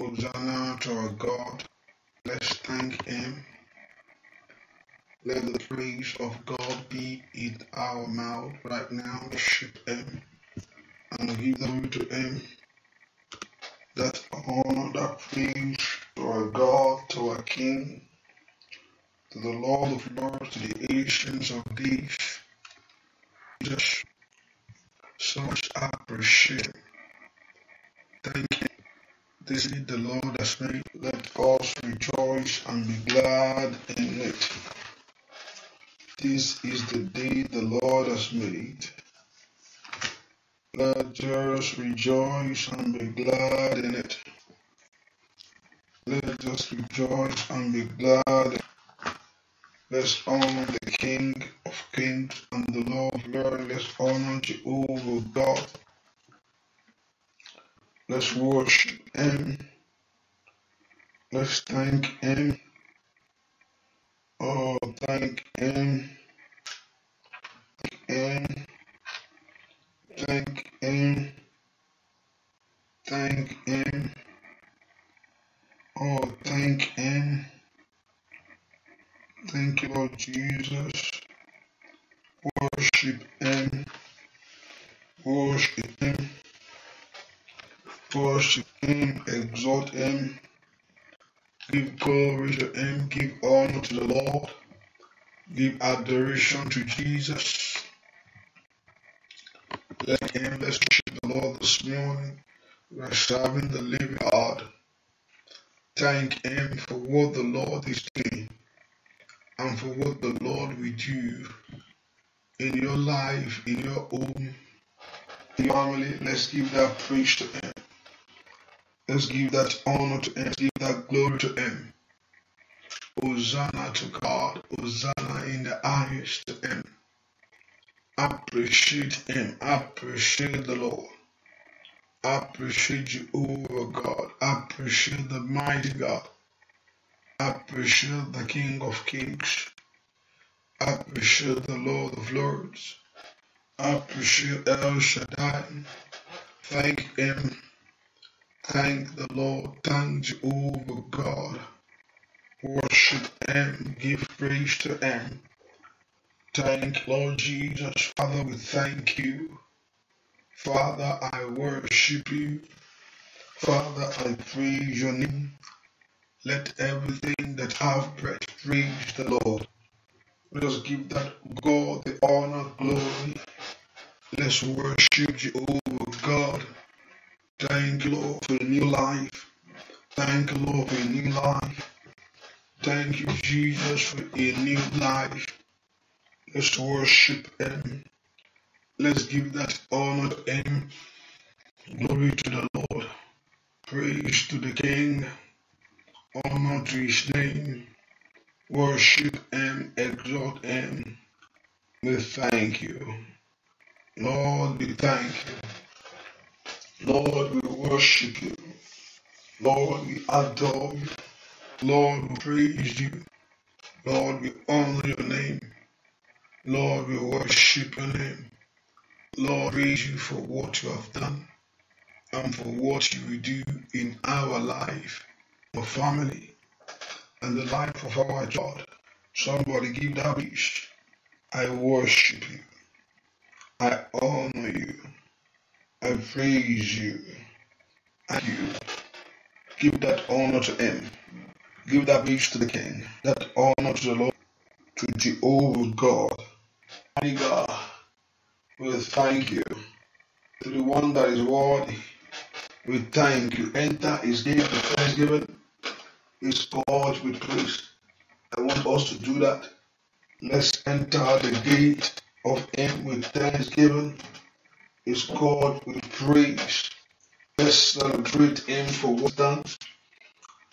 Hosanna to our God. Let's thank Him. Let the praise of God be in our mouth right now. Worship Him and give glory to Him. That honor, that praise to our God, to our King, to the Lord of Lords, to the ancients of days. Just so much appreciation. Thank this is the Lord has made. Let us rejoice and be glad in it. This is the day the Lord has made. Let us rejoice and be glad in it. Let us rejoice and be glad. Let's honor the King of Kings and the Lord of Lords. Let's honor Jehovah God Let's worship Him. Let's thank Him. Oh, thank Him. Him. Thank Him. Thank Him. Oh, thank Him. Thank you, Lord Jesus. Worship Him. Worship Him. Praise him, exalt him, give glory to him, give honor to the Lord, give adoration to Jesus. Let him worship the Lord this morning. We are serving the living God. Thank him for what the Lord is doing and for what the Lord will do in your life, in your home, in your family. Let's give that praise to him. Let's give that honor to Him. Let's give that glory to Him. Hosanna to God. Hosanna in the highest to Him. Appreciate Him. Appreciate the Lord. Appreciate you, over God. Appreciate the mighty God. Appreciate the King of Kings. Appreciate the Lord of Lords. Appreciate El Shaddai. Thank Him Thank the Lord, thank Jehovah God. Worship Him, give praise to Him. Thank Lord Jesus, Father, we thank you. Father, I worship you. Father, I praise your name. Let everything that have breath praise the Lord. Let us give that God the honor, glory. Let's worship Jehovah Thank you, Lord, for the new life. Thank you, Lord, for a new life. Thank you, Jesus, for a new life. Let's worship Him. Let's give that honor to Him. Glory to the Lord. Praise to the King. Honor to His name. Worship Him. Exalt Him. We thank you. Lord, we thank you. Lord, we worship you. Lord, we adore you. Lord, we praise you. Lord, we honor your name. Lord, we worship your name. Lord, praise you for what you have done and for what you will do in our life, our family, and the life of our God. Somebody give that wish. I worship you. I honor you. I praise you. and you. Give that honor to him. Give that praise to the king. That honor to the Lord, to Jehovah God. Mighty God, we thank you. To the one that is worthy, we thank you. Enter his gate with thanksgiving, his court with praise. I want us to do that. Let's enter the gate of him with thanksgiving is God we praise. Let's celebrate Him for what done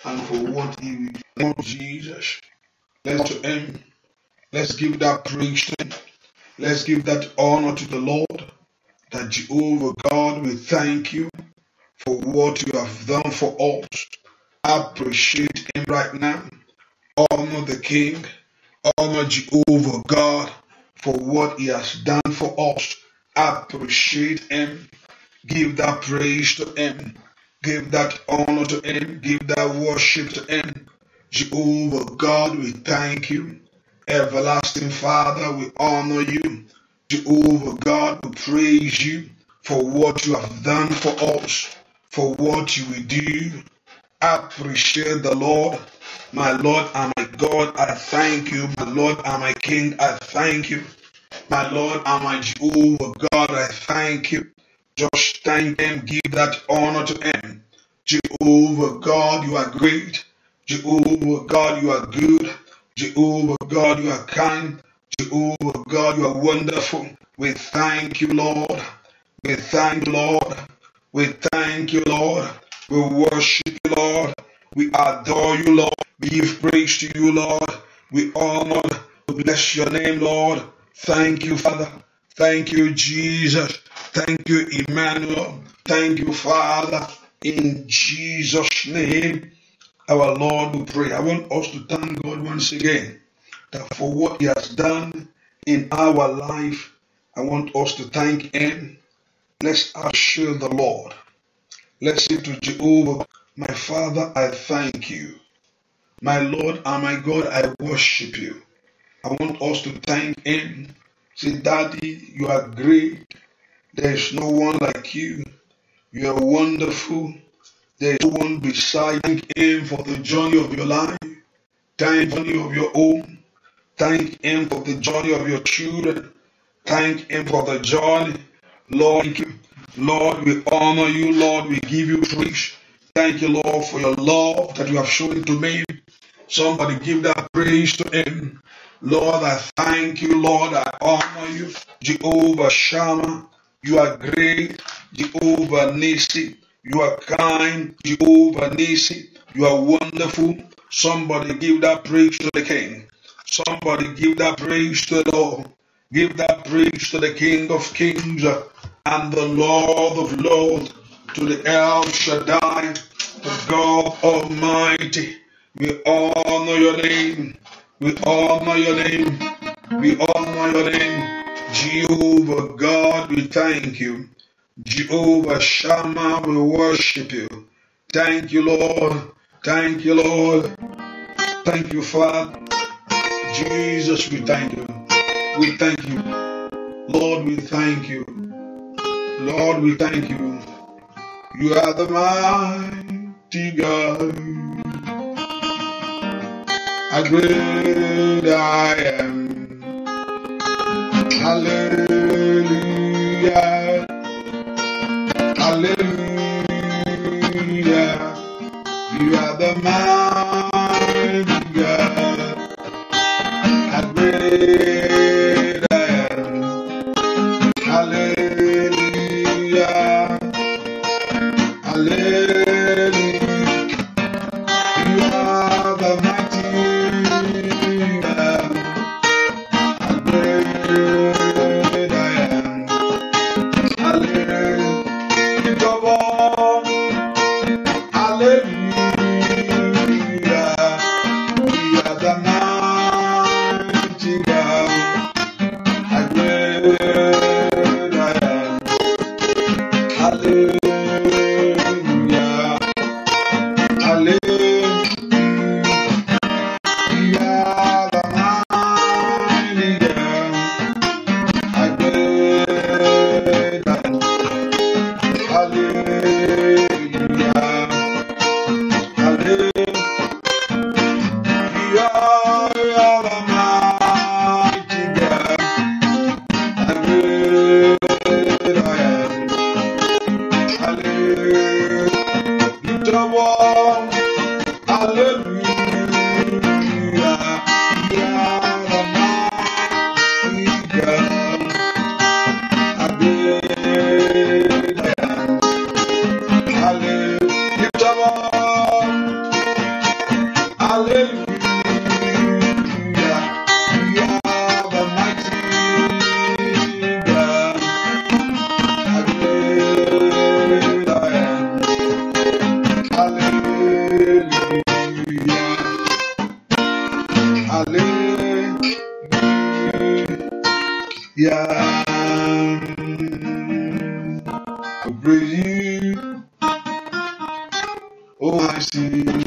and for what He will do. Jesus. Let's to Him. Let's give that praise to Him. Let's give that honor to the Lord. That Jehovah God, we thank you for what you have done for us. Appreciate Him right now. Honor the King. Honor Jehovah God for what He has done for us. Appreciate Him. Give that praise to Him. Give that honor to Him. Give that worship to Him. Jehovah God, we thank you. Everlasting Father, we honor you. Jehovah God, we praise you for what you have done for us, for what you will do. Appreciate the Lord, my Lord and my God. I thank you, my Lord and my King. I thank you my Lord and my Jehovah God, I thank you. Just thank Him, give that honor to Him. Jehovah God, you are great. Jehovah God, you are good. Jehovah God, you are kind. Jehovah God, you are wonderful. We thank you, Lord. We thank you, Lord. We thank you, Lord. We worship you, Lord. We adore you, Lord. We give praise to you, Lord. We honor, we bless your name, Lord. Thank you, Father. Thank you, Jesus. Thank you, Emmanuel. Thank you, Father. In Jesus' name, our Lord, we pray. I want us to thank God once again that for what He has done in our life. I want us to thank Him. Let's assure the Lord. Let's say to Jehovah, My Father, I thank you. My Lord and my God, I worship you. I want us to thank Him. Say, Daddy, you are great. There is no one like you. You are wonderful. There is no one beside. Thank Him for the journey of your life. Thank Him of your home. Thank Him for the journey of your children. Thank Him for the journey. Lord, Lord, we honor you. Lord, we give you praise. Thank you, Lord, for your love that you have shown to me. Somebody give that praise to Him. Lord, I thank you. Lord, I honor you. Jehovah Shammah, you are great. Jehovah Nisi, you are kind. Jehovah Nisi, you are wonderful. Somebody give that praise to the King. Somebody give that praise to the Lord. Give that praise to the King of Kings and the Lord of Lords, to the El Shaddai, the God Almighty. We honor your name. We honor your name. We honor your name. Jehovah God, we thank you. Jehovah Shammah, we worship you. Thank you, Lord. Thank you, Lord. Thank you, Father. Jesus, we thank you. We thank you. Lord, we thank you. Lord, we thank you. You are the mighty God. how great I am. Hallelujah. Hallelujah. You are the man. Yeah, I praise you. Oh, I sing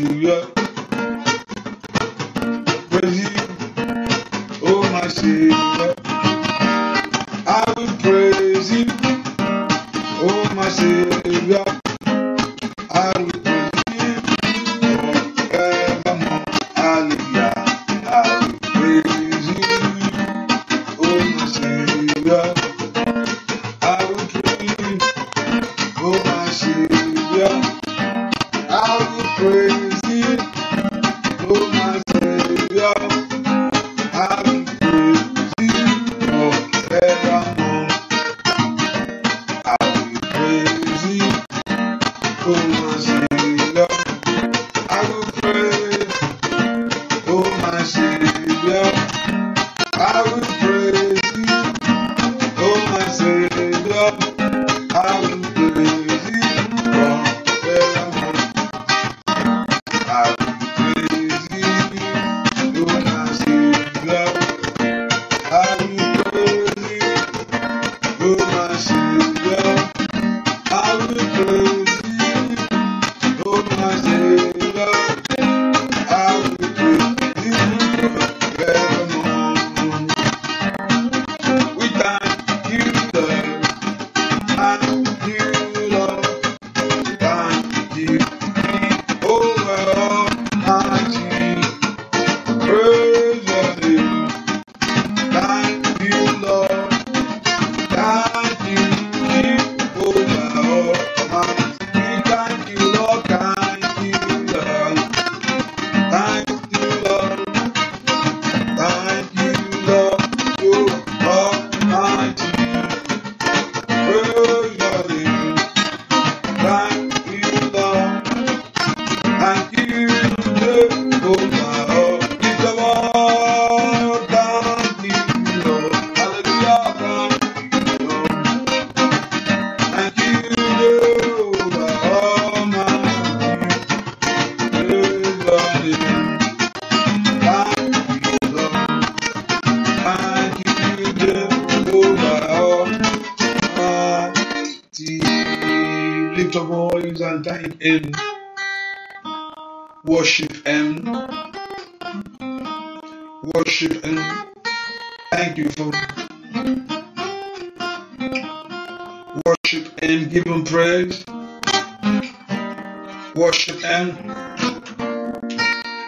you for worship and give him praise. Worship and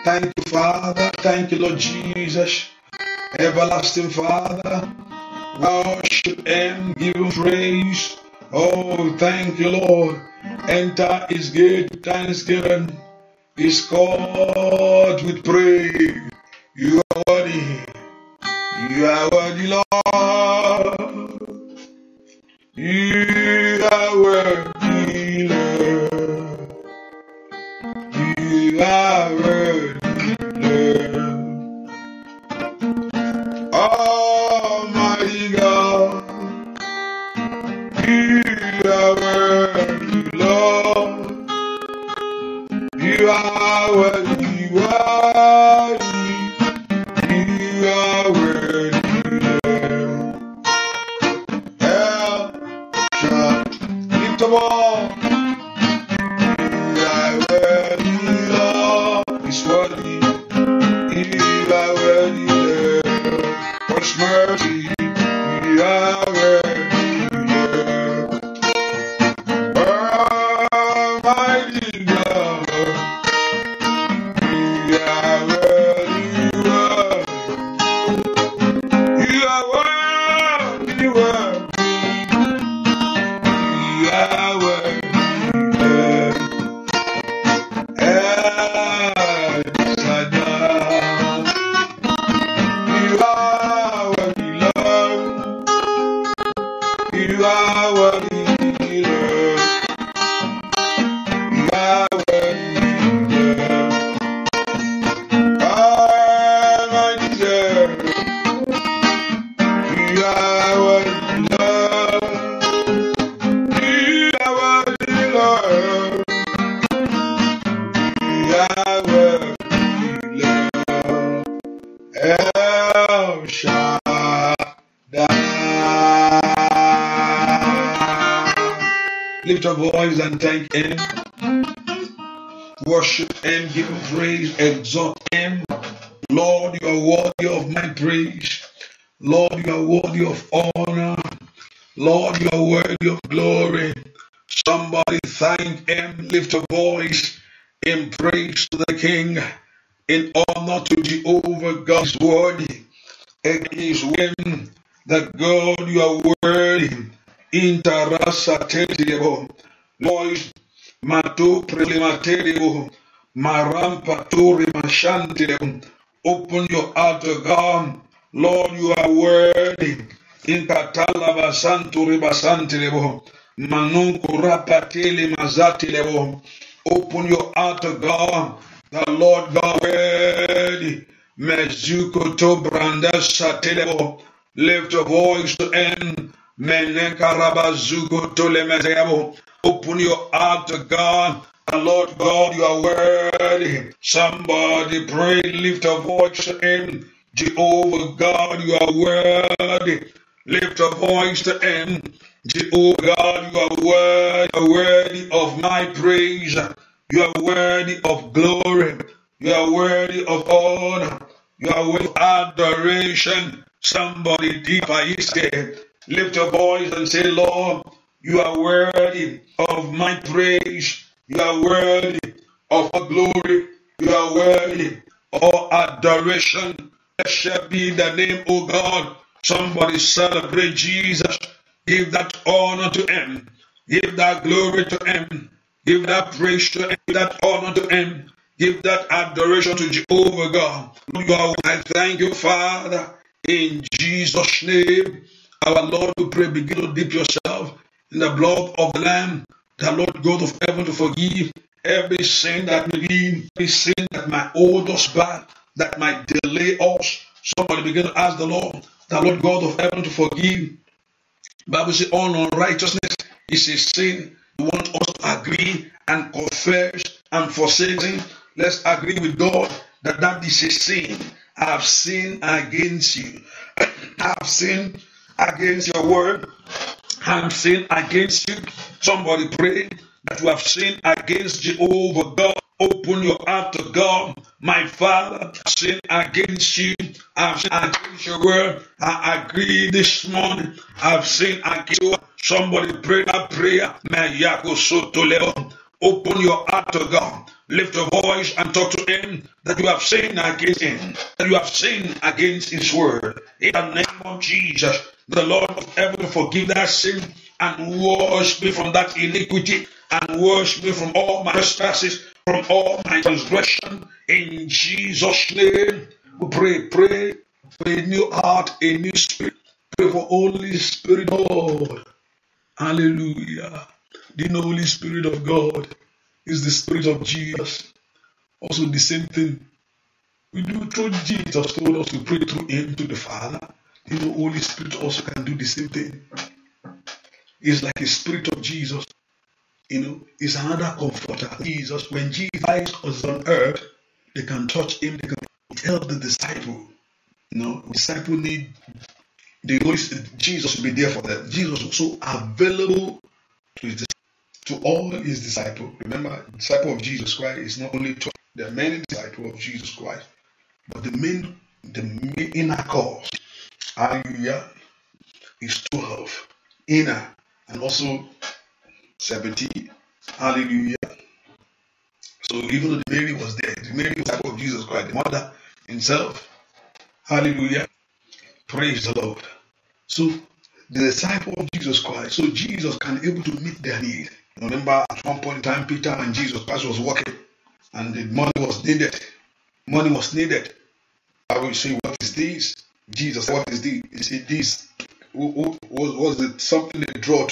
thank you, Father. Thank you, Lord Jesus. Everlasting Father. Worship and give him praise. Oh, thank you, Lord. Enter is good. Thanksgiving is God with praise. You are worthy. You are worthy, Lord. You are worthy, Lord. You are worthy, Lord. Almighty God, you are worthy, Lord. You are worthy. praise and thank Him. Worship Him, give Him praise, exalt Him. Lord, you are worthy of my praise. Lord, you are worthy of honor. Lord, you are worthy of glory. Somebody thank Him, lift a voice in praise to the King, in honor to Jehovah God's word. It is when that God you are worthy. Interasa Lord, matu prelimateribu, marampa turi mashantibu. Open your heart, God. Lord, you are worthy. In nun basanturi basantibu. Manunkura patili mazatibu. Open your heart, God. The Lord God worthy. Mezuko to branda satelebo. Lift your voice to end. Menekarabazuko to lemezebo. Open your heart to God. And Lord God, you are worthy. Somebody pray, lift a voice to Him. Jehovah God, you are worthy. Lift a voice to Him. Jehovah God, you are worthy, worthy of my praise. You are worthy of glory. You are worthy of honor. You are worthy of adoration. Somebody deeper is there. Lift your voice and say, Lord, you are worthy of my praise. You are worthy of our glory. You are worthy of adoration. That shall be the name, O God. Somebody celebrate Jesus. Give that honor to Him. Give that glory to Him. Give that praise to Him. Give that honor to Him. Give that adoration to Jehovah God. I thank you, Father. In Jesus' name, our Lord, we pray, begin to dip yourself in the blood of the Lamb, the Lord God of heaven to forgive every sin that may be, every sin that might hold us back, that might delay us. Somebody begin to ask the Lord, the Lord God of heaven to forgive. Bible says all unrighteousness is a sin. You want us to agree and confess and forsake sin. Let's agree with God that that is a sin. I have sinned against you. I have sinned against your word have sinned against you. Somebody pray that you have sinned against Jehovah God. Open your heart to God. My Father, I sin against you. I've sinned against your word. I agree this morning. I've sinned against you. Somebody pray that prayer. May Yako Soto Leon. Open your heart to God. Lift your voice and talk to Him that you have sinned against Him, that you have sinned against His word. In the name of Jesus, the Lord of heaven, forgive that sin and wash me from that iniquity and wash me from all my trespasses, from all my transgression. In Jesus' name, we pray, pray for a new heart, a new spirit. Pray for Holy Spirit, Lord. Hallelujah. The Holy Spirit of God is the Spirit of Jesus. Also, the same thing we do through Jesus told us to pray through Him to the Father. The Holy Spirit also can do the same thing. It's like a Spirit of Jesus. You know, it's another comforter. Jesus, when Jesus was on earth, they can touch Him. They can help the disciple. You know, disciple need the Holy Spirit. Jesus will be there for them. Jesus also available to His disciples to all his disciples. Remember, disciple of Jesus Christ is not only to the many disciples of Jesus Christ, but the main the main inner cause, hallelujah, is twelve inner and also seventy, hallelujah. So even though Mary was there, the Mary disciple of Jesus Christ, the mother himself, hallelujah, praise the Lord. So the disciple of Jesus Christ, so Jesus can able to meet their need. Remember, at one point in time, Peter and Jesus Christ was working, and the money was needed. Money was needed. I will say, what is this? Jesus, what is this? Is it this? Was, was it something they draw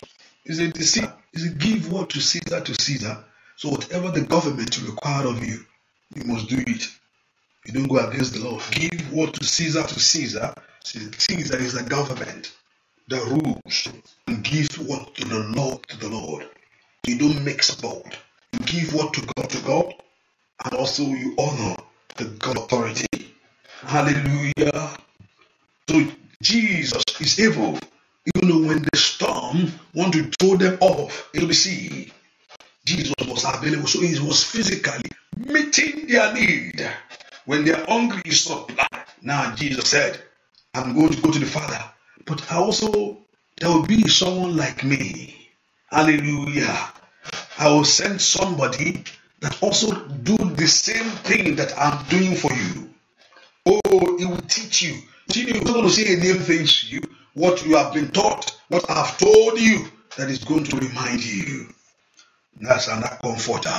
Is it the Is it give what to Caesar to Caesar? So whatever the government require of you, you must do it. You don't go against the law. Give what to Caesar to Caesar. Caesar is the government that rules and gives what to the Lord to the Lord. You don't mix both. You give what to God to God, and also you honor the God authority. Hallelujah. So Jesus is able, even though when the storm want to throw them off You'll be see. Jesus was available. So he was physically meeting their need. When they are hungry, Supply. Now Jesus said, I'm going to go to the Father, but also there will be someone like me. Hallelujah. I will send somebody that also do the same thing that I'm doing for you. Oh, it will teach you. See, you're not going to say a name things to you. What you have been taught, what I've told you, that is going to remind you. That's another comforter.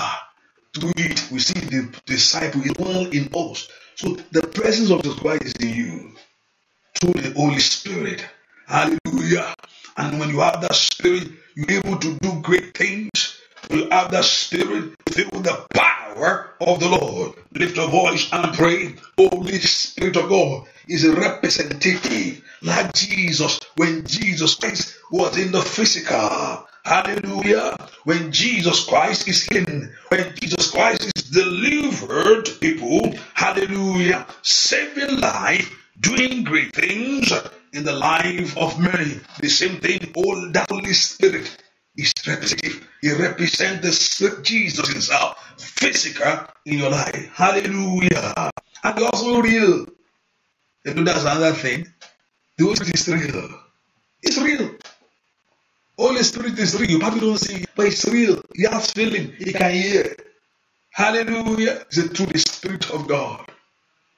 Through it, we see the disciple is well in us. So the presence of the Christ is in you through the Holy Spirit. Hallelujah. And when you have that spirit, you're able to do great things. We have the Spirit filled with the power of the Lord. Lift your voice and pray. Holy Spirit of God is a representative, like Jesus, when Jesus Christ was in the physical. Hallelujah. When Jesus Christ is in, when Jesus Christ is delivered, people, hallelujah, saving life, doing great things in the life of many. The same thing, all oh, that Holy Spirit is representative. He represents the Jesus himself, physical in your life. Hallelujah. And he's also real. You know that's another thing. The Holy Spirit is real. It's real. Holy Spirit is real. You probably don't see it, but it's real. He has feeling. He can hear. Hallelujah. It's through the Spirit of God.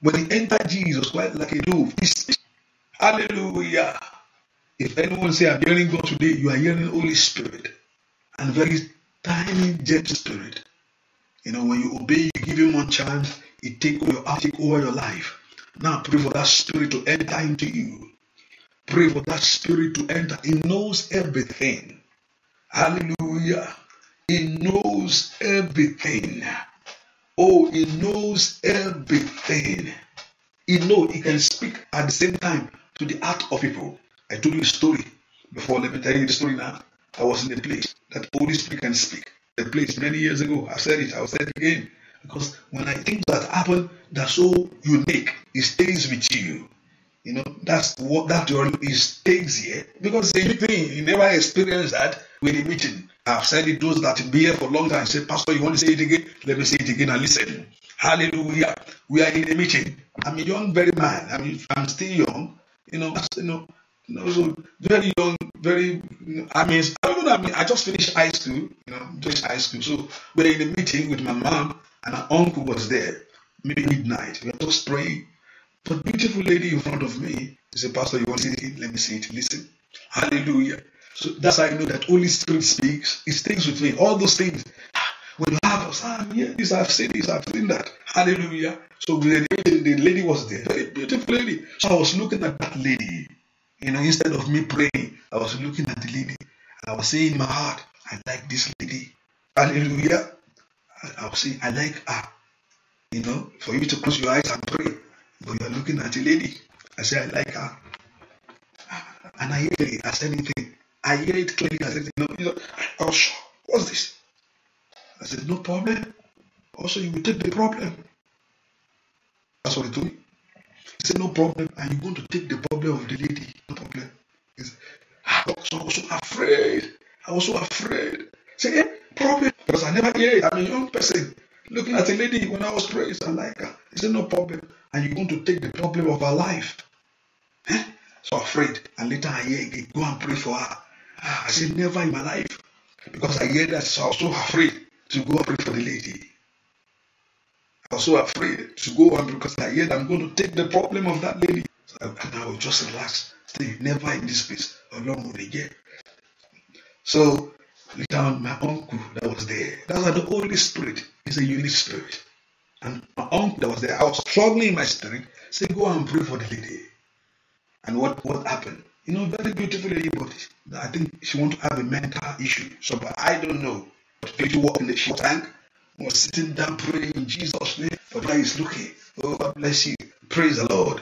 When he entered Jesus, quite like a dove, he speaks. Hallelujah. If anyone say I'm hearing God today, you are hearing Holy Spirit and very tiny, gentle spirit. You know, when you obey, you give him one chance, he take over your, take over your life. Now pray for that spirit to enter into you. Pray for that spirit to enter. He knows everything. Hallelujah. He knows everything. Oh, he knows everything. He know he can speak at the same time to the heart of people. I told you a story before. Let me tell you the story now. I was in a place that Holy Spirit can speak. The place many years ago, I've said it, I'll say it again. Because when I think that happened, that's so unique. It stays with you. You know, that's what that it stays here. Because the thing, you never experience that with a meeting. I've said it those that be here for a long time. Say, Pastor, you want to say it again? Let me say it again and listen. Hallelujah. We are in a meeting. I'm a young very man. I'm, I'm still young. You know, you know, you know, so very young, very. I mean, I don't know. I mean, I just finished high school. You know, just high school. So we are in a meeting with my mom and her uncle was there. Maybe midnight. We are just praying. But beautiful lady in front of me is a pastor. You want to see it? Let me see it. Listen. Hallelujah. So that's how I know that Holy Spirit speaks. It stays with me. All those things. When you have us, ah, this I've seen this, I've seen that. Hallelujah. So the lady was there, very beautiful lady. So I was looking at that lady you know, instead of me praying, I was looking at the lady. I was saying in my heart, I like this lady. Hallelujah. I was saying, I like her. You know, for you to close your eyes and pray, but you're looking at the lady. I say, I like her. And I hear it as anything. I hear it clearly as anything. You know, I was sure, what's this? I said, no problem. Also, you will take the problem. That's what he told me said No problem. And you're going to take the problem of the lady. No problem. Say, ah, I was so afraid. I was so afraid. Say, hey, eh, problem. Because I never hear it. I'm a young person looking at a lady when I was praying. I like her. He said, No problem. And you're going to take the problem of her life. Eh? So afraid. And later I hear again, go and pray for her. I said, Never in my life. Because I hear that. So I was so afraid to go and pray for the lady so afraid to go on because I heard I'm going to take the problem of that lady. So I, and I will just relax. Stay never in this place alone with again. So look down my uncle that was there. That's how the Holy Spirit is a unique spirit. And my uncle that was there, I was struggling in my spirit. Say, go and pray for the lady. And what, what happened? You know, very beautiful lady, but I think she want to have a mental issue. So, but I don't know. But you walk in the tank was sitting down praying in Jesus' name. For that is looking. Oh, God bless you. Praise the Lord.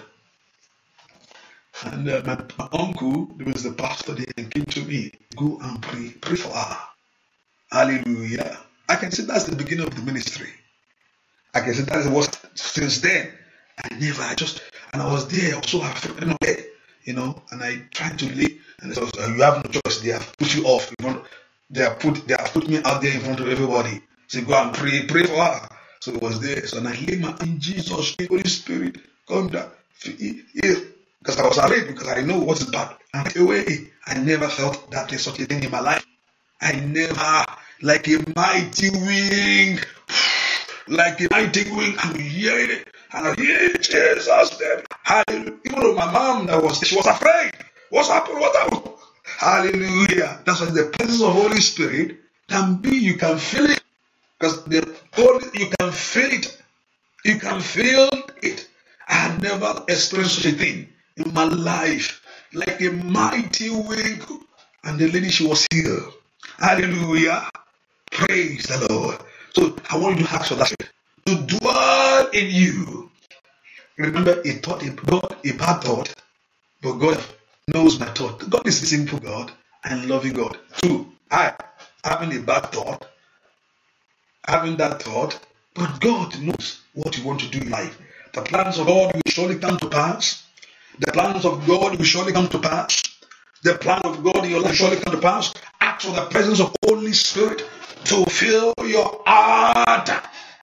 And uh, my, my, uncle, who was the pastor there, came to me, go and pray, pray for her. Hallelujah. I can say that's the beginning of the ministry. I can say that was since then. I never, I just, and I was there also, I felt you know, and I tried to leave. And you have no choice, they have put you off. They have put, they have put me out there in front of everybody said, go and pray, pray for her. So it was there. So my in Jesus, Holy Spirit, come down. Because I was afraid because I know what is bad. And right away, I never felt that there's such a thing in my life. I never, like a mighty wing, like a mighty wing, I'm hearing it. And I hear Jesus. Hallelujah. Even though my mom that was, she was afraid. What's happened? What happened? Hallelujah. That's why the presence of Holy Spirit can be, you can feel it. Because the Holy, you can feel it. You can feel it. I have never experienced such a thing in my life. Like a mighty wind. And the lady, she was here. Hallelujah. Praise the Lord. So I want you to ask for that to dwell in you. Remember, a thought, a, God, a bad thought, but God knows my thought. God is a simple God and loving God. Two, I having a bad thought having that thought, but God knows what you want to do in life. The plans of God will surely come to pass. The plans of God will surely come to pass. The plan of God in your life surely come to pass. Ask for the presence of Holy Spirit to fill your heart.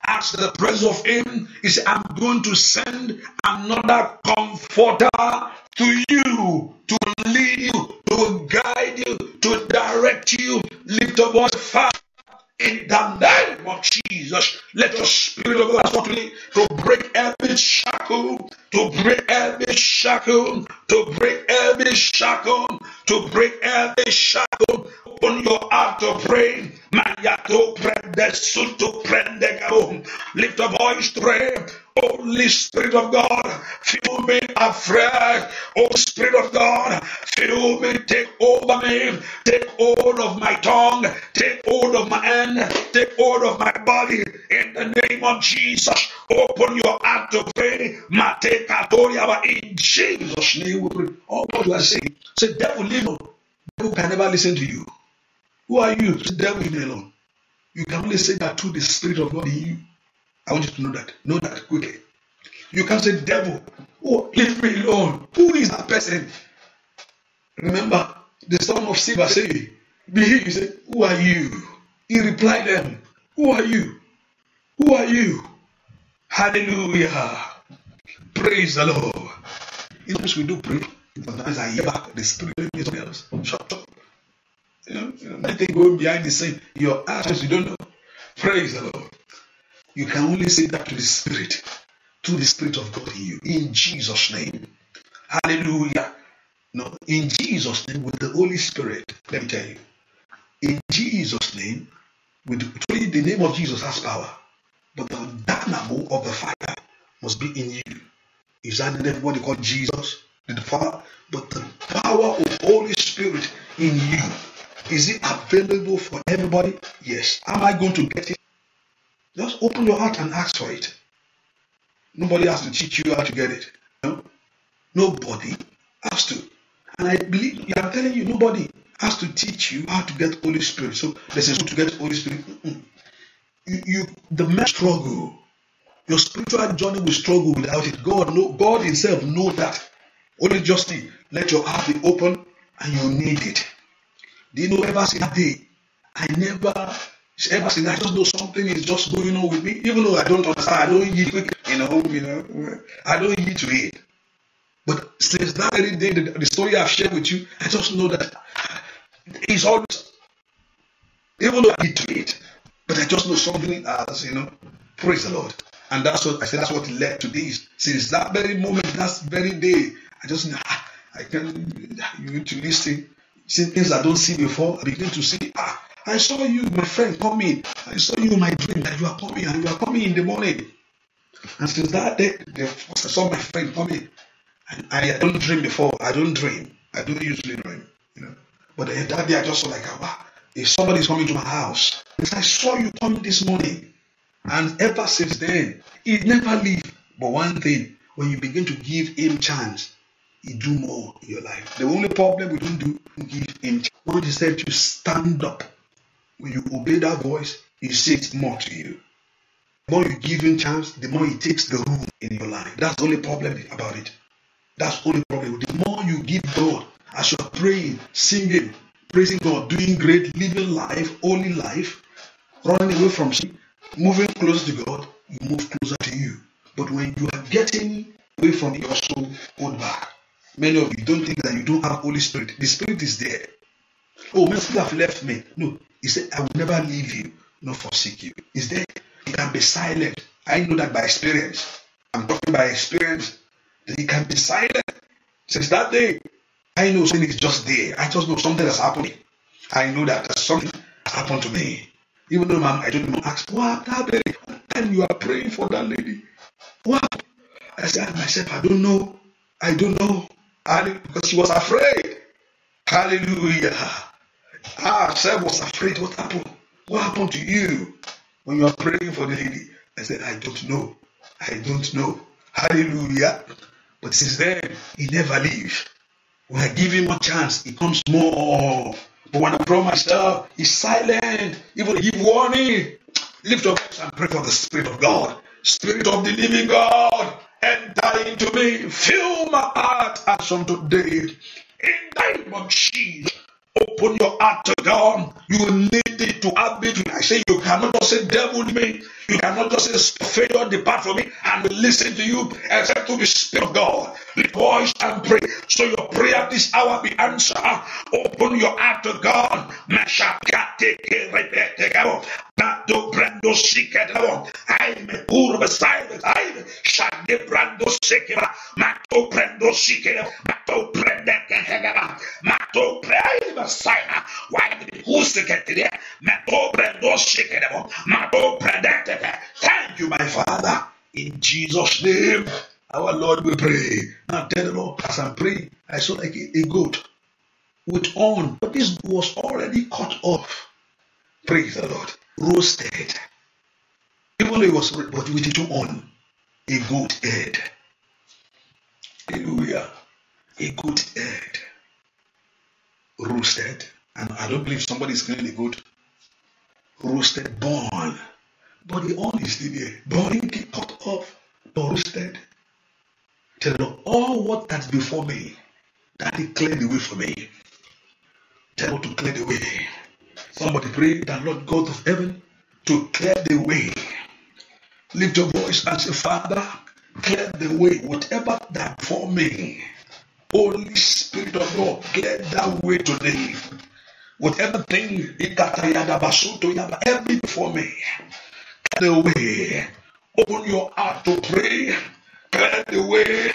Ask the presence of Him. He said, I'm going to send another comforter to you, to lead you, to guide you, to direct you. Lift up your Father. In the name of Jesus, let the Spirit of God want to, to break every shackle, to break every shackle, to break every shackle, to break every shackle open your heart to pray. Mayato prende suto prende gabo. Lift a voice, pray. Holy Spirit of God, fill me afresh. Oh Spirit of God, fill me, take over me, take hold of my tongue, take hold of my hand, take hold of my body. In the name of Jesus, open your heart to pray. Mate in Jesus' name we pray. All oh, what you are saying, say devil, devil can never listen to you. Who are you? The devil you alone. You can only say that through the Spirit of God in you. I want you to know that. Know that quickly. You can say, devil, oh, leave me alone. Who is that person? Remember, the son of Siva said, be he. He said, who are you? He replied them, who are you? Who are you? Hallelujah. Praise the Lord. In which we do pray. Sometimes I hear back the spirit, something else. Shut up. You know, nothing going behind the scene. Your actions, you don't know. Praise the Lord. You can only say that to the Spirit, to the Spirit of God in you, in Jesus' name. Hallelujah. No, in Jesus' name, with the Holy Spirit, let me tell you. In Jesus' name, with the name of Jesus has power. But the dynamo of the fire must be in you. Is that name what they call Jesus? The power, but the power of Holy Spirit in you is it available for everybody? Yes. Am I going to get it? Just open your heart and ask for it. Nobody has to teach you how to get it. No? Nobody has to. And I believe, I'm telling you, nobody has to teach you how to get Holy Spirit. So this is to get Holy Spirit. Mm-mm. You, you, the man struggle. Your spiritual journey will struggle without it. God, know, God Himself know that. Only justly, let your heart be open, and you need it. Do you know ever since that day? I never ever since I just know something is just going on with me, even though I don't understand, I don't eat you know, you know, I don't eat to it. But since that very day, the, the story I've shared with you, I just know that it's always, even though I eat to it, but I just know something else, you know. Praise the Lord. And that's what I said, that's what led to this. Since that very moment, that very day, I just, know ah, I can, you need to listen See things I don't see before, I begin to see. Ah, I saw you, my friend, coming. I saw you in my dream that you are coming, and you are coming in the morning. And since that day, the first I saw my friend coming. And I don't dream before. I don't dream. I don't usually dream, you know. But that day I just saw like, wow, ah, if somebody is coming to my house, because I saw you coming this morning. And ever since then, it never leave. But one thing, when you begin to give him chance, He do more in your life. The only problem we don't do give him. When he said to stand up, when you obey that voice, he says more to you. The more you give him chance, the more he takes the room in your life. That's the only problem about it. That's the only problem. The more you give God as you're praying, singing, praising God, doing great, living life, holy life, running away from sin, moving closer to God, you move closer to you. But when you are getting away from your soul, hold back. Many of you don't think that you don't have Holy Spirit. The Spirit is there. Oh, many people have left me. No, He said, I will never leave you, nor forsake you. Is there? He can be silent. I know that by experience. I'm talking by experience. That He can be silent. Since that day, I know something is just there. I just know something is happening. I know that there's something happened to me. Even though mom, I don't know, ask what happened. And you are praying for that lady. What? I said, myself, I don't know. I don't know. Because she was afraid. Hallelujah. Ah, Sarah was afraid. What happened? What happened to you when you are praying for the lady? I said, I don't know. I don't know. Hallelujah. But since then, he never leaves. When I give him a chance, he comes more. But when I promise stuff, he's silent. Even give warning. Lift up and pray for the Spirit of God. Spirit of the living God. enter into me. Fill my heart as on today. In the name of Jesus. Open your heart to God. You need it to habit. I say you cannot just say devil me. You cannot just say failure depart from me and listen to you except to the Spirit of God. Rejoice and pray. So your prayer this hour be answered. Open your heart to God. I may pour beside I Shande brando sekeba. Mato prendo sikeba. Mato prende keheba. Mato prende saina. Why did who seketile? Mato prendo sikeba. Mato prende Thank you, my Father. In Jesus' name, our Lord, we pray. Now tell Lord, as I pray, I saw like a, goat with horn, but this was already cut off. Praise the Lord. Roasted. Even though it was but with it on a good head. Hallelujah. A good head. Roasted. And I don't believe somebody's really good. Roasted bone. But the oil is still there. Burning cut off, but roasted. Tell all what that's before me. That he cleared the way for me. Tell them to clear the way. Somebody pray that Lord God of heaven to clear the way Lift your voice and say, Father, clear the way, whatever that for me. Holy Spirit of God, clear that way today. Whatever thing, every for me, clear the way. Open your heart to pray. Clear the way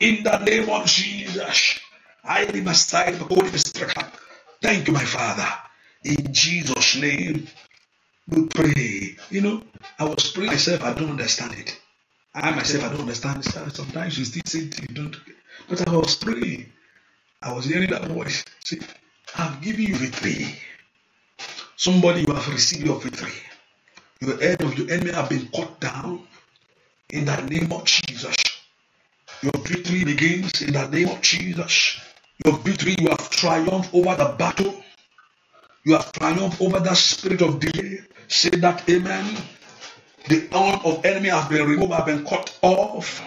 in the name of Jesus. I must side Thank you, my Father. In Jesus' name, we pray. You know, I was praying myself, I don't understand it. I myself, I don't understand. Sometimes you still say you don't. But I was praying. I was hearing that voice say, I've given you victory. Somebody, you have received your victory. Your head of your enemy have been cut down in the name of Jesus. Your victory begins in the name of Jesus. Your victory, you have triumphed over the battle. You have triumphed over that spirit of delay. Say that, Amen. The arm of enemy has been removed, has been cut off.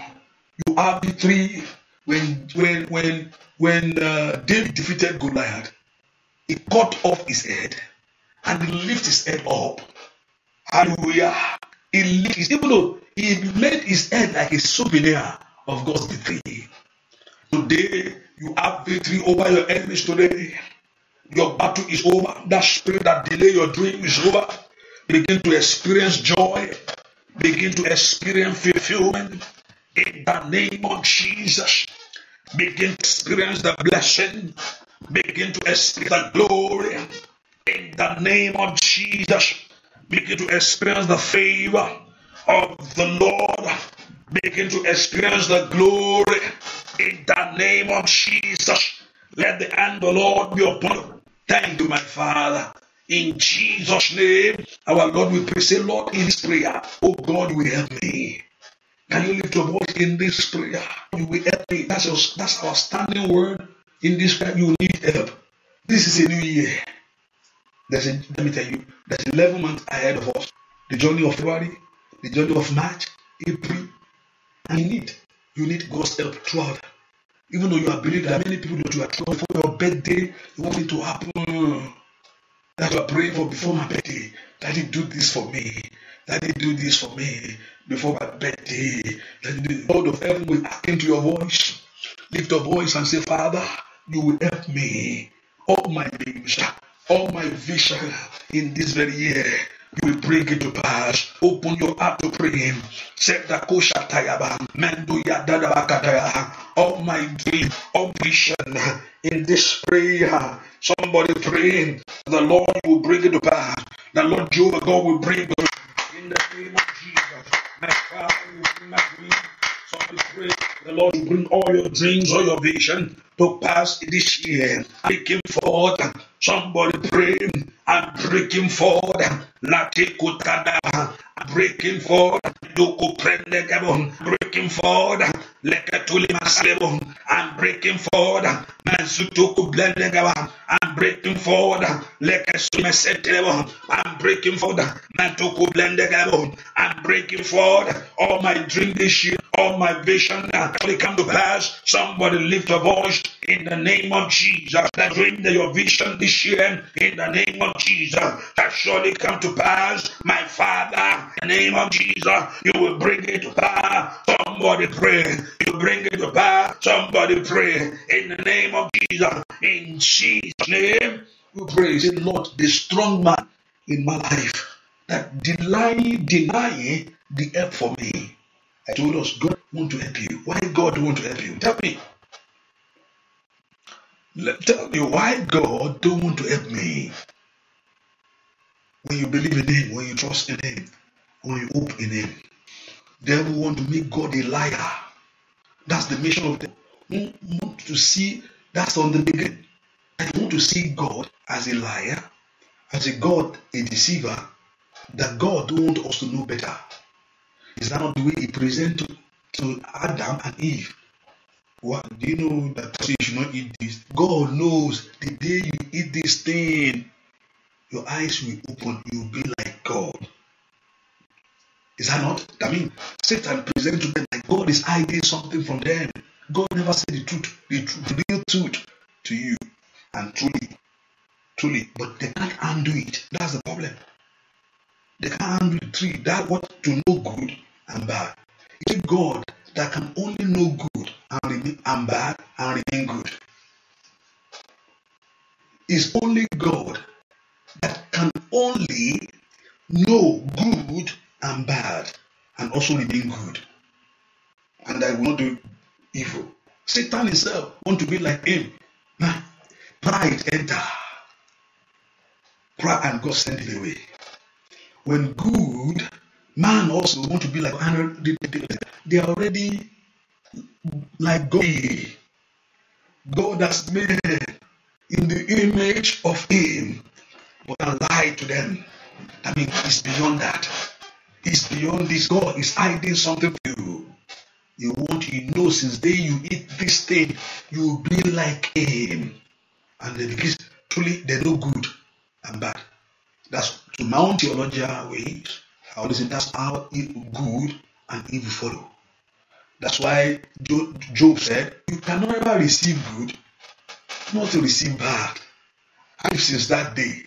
You have victory. When when when when uh, David defeated Goliath, he cut off his head and he lifted his head up. Hallelujah. He lifted, even though he made his head like a souvenir of God's victory. Today, you have victory over your enemies today. Your battle is over. That spirit that delay your dream is over. Begin to experience joy. Begin to experience fulfillment in the name of Jesus. Begin to experience the blessing. Begin to experience the glory in the name of Jesus. Begin to experience the favor of the Lord. Begin to experience the glory in the name of Jesus. Let the hand of the Lord be upon you. Thank you, my Father. In Jesus' name, our Lord, we pray, say, Lord, in this prayer, oh God, will help me. Can you lift your voice in this prayer? You will help me. That's, your, that's our standing word in this prayer. You need help. This is a new year. There's a, let me tell you, there's 11 months ahead of us. The journey of February, the journey of March, April. And you need, you need God's help throughout. Even though you are believing, that many people that you are trying for your birthday, you want it to happen that we're praying for before my birthday. Daddy, do this for me. Daddy, do this for me before my birthday. Daddy, the Lord of heaven will attend to your voice. Lift your voice and say, Father, you will help me. All my dreams, all my vision in this very year. you will bring it to pass. Open your heart to pray Him. Set the kosha tayaba, mendo All oh, my dream, ambition oh, in this prayer. Somebody praying, the Lord will bring it to pass. The Lord Jehovah God will bring it In the name of Jesus, my Father will bring my dream. Somebody pray, the Lord will bring all your dreams, all your vision, to pass this year. Breaking forth, somebody pray am breaking forth. Latikutada, breaking forth. Duku prendekebon, breaking forth. I'm breaking forth. Mansutuku I'm breaking forth. Lekasumesetelebon, am breaking forth. Mantuku I'm breaking forth. All my dream this year all my vision actually come to pass. Somebody lift a voice in the name of Jesus. That dream that your vision this year in the name of Jesus has surely come to pass. My Father, in the name of Jesus, you will bring it to pass. Somebody pray. You bring it to pass. Somebody pray in the name of Jesus. In Jesus' name, we pray. Say, Lord, the strong man in my life that deny deny the help for me I told us God want to help you. Why God want to help you? Tell me. Let, tell me why God don't want to help me. When you believe in Him, when you trust in Him, when you hope in Him, devil want to make God a liar. That's the mission of them. Want to see that's on the beginning. I want to see God as a liar, as a God, a deceiver, that God don't want us to know better. Is that not the way he presented to, to Adam and Eve? What do you know that you should not eat this? God knows the day you eat this thing, your eyes will open, you'll be like God. Is that not? I mean, Satan presented to them like God is hiding something from them. God never said the truth, the, truth, the real truth to you. And truly, truly, but they can't undo it. That's the problem. They can't undo the tree. That what to no good and bad. It's God that can only know good and remain and bad and remain good. It's only God that can only know good and bad and also remain good. And I will not do evil. Satan himself want to be like him. Man, pride enter. Pride and God send him away. When good Man also want to be like and they are already like God. God has made them in the image of Him, but I lied to them. I mean, it's beyond that. It's beyond this. God is hiding something from you. You want you know since day you eat this thing, you will be like Him, and they begin truly they know good and bad. That's to Mount own theological ways. Or listen, that's how good and evil follow. That's why Job said, You cannot ever receive good, not to receive bad. And since that day,